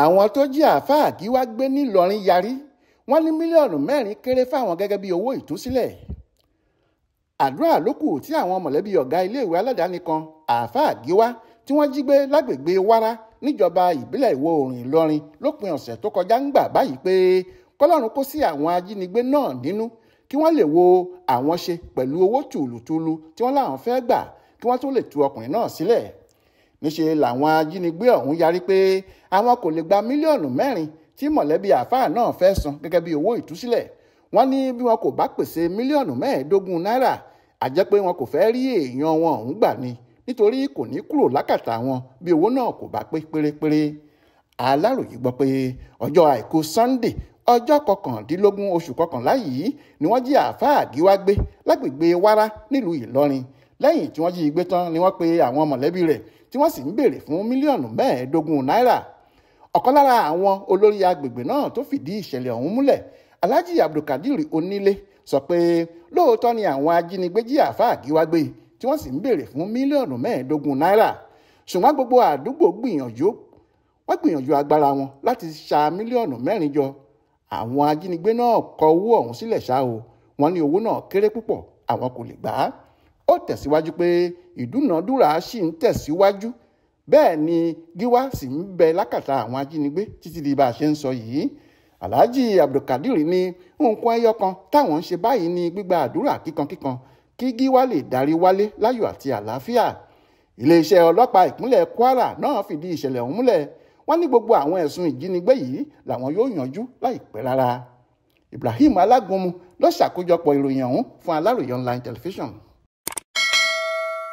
àwọn tó jí àáfàá kí wá gbé nílọrin yarí wọ́n ní mílíọ̀nù mẹ́rin kéré fáwọn gẹ́gẹ́ bí owó ìtúsílẹ̀ àdúrà ló kù tí àwọn mọ̀lẹ́bí ọ̀gá iléèwé aládàáni kan àáfàá gíwá tí wọ́n jí gbé lágbègbè wára níjọba ìbílẹ̀ ìwọ̀ oòrùn ìlọrin lópin ọ̀sẹ̀ tó kọjá ń gbà báyìí pé kọ́lọ́run kó sí àwọn ajínigbé náà nínú kí wọ́n lè wo àwọn ṣe pẹ̀lú owó tùlùtùlù tí wọ́n láwọn fẹ́ gbà kí wọ́n tó lè tú ọkùnrin náà sílẹ̀ níṣẹ́ làwọn ajínigbé ọ̀hún yarí pé àwọn kò lè gba mílíọ̀nù mẹ́rin tí mọ̀lẹ́bí àáfàá náà fẹ́ san gẹ́gẹ́ bí owó ìtúsílẹ̀ wọ́n ní bí wọn kò bá pèsè mílíọ̀nù mẹ́ẹ̀ẹ́dógún náírà àjẹ́ pé wọn kò fẹ́ rí èèyàn wọn ọ̀hún gbà ni nítorí kò ní kúrò lákàtà wọn bí owó náà kò bá pé pérépéré aláròyé gbọ́ pé ọjọ́ àìkú Sunday ọjọ́ kọkàndínlógún oṣù kọkànlá yìí ni wọ́n jí àáfàá àgíwá gbé lágbègbè wárá nílùú Ìlọrin lẹ́yìn tí wọ́n jí i gbé tán ni wọ́n pe àwọn mọ̀lẹ́bí rẹ̀ tí wọ́n sì ń béèrè fún mílíọ̀nù mẹ́ẹ̀ẹ́dógún náírà ọ̀kan lára àwọn olórí agbègbè náà tó fìdí ìṣẹ̀lẹ̀ ọ̀hún múlẹ̀ alhaji abdulkadir onílé sọ pé lóòótọ́ ni àwọn ajínigbé jí àáfà àgíwá gbé tí wọ́n sì ń béèrè fún mílíọ̀nù mẹ́ẹ̀ẹ́dógún náírà ṣùgbọ́n gbogbo àdúgbò gbìyànjú wọ́n gbìyànjú agbára wọn láti ṣa mílíọ̀nù mẹ́rin jọ àwọn ajínigbé náà kọ owó ọ̀hún sílẹ̀ ó tẹ̀síwájú pé ìdúnàádúrà ṣì ń tẹ̀síwájú bẹ́ẹ̀ ni gíwá sì ń bẹ lákàtà àwọn ajínigbé títí di bá a ṣe ń sọ yìí alhaji abdulkadir ní nǹkan ẹyọ kan táwọn ń ṣe báyìí ní gbígba àdúrà kíkankíkan kí gíwá lè darí wálé láyọ̀ àti àlàáfíà iléeṣẹ́ ọlọ́pàá ìpínlẹ̀ kwara náà fìdí ìṣẹ̀lẹ̀ ọ̀hún múlẹ̀ wọ́n ní gbogbo àwọn ẹ̀sùn ìjínigbé yìí làwọn yóò yanjú láìpẹ́ rárá ibrahim alágúnmu ló ṣàkójọpọ̀ ìròyìn ọ̀hún fún aláròye online television.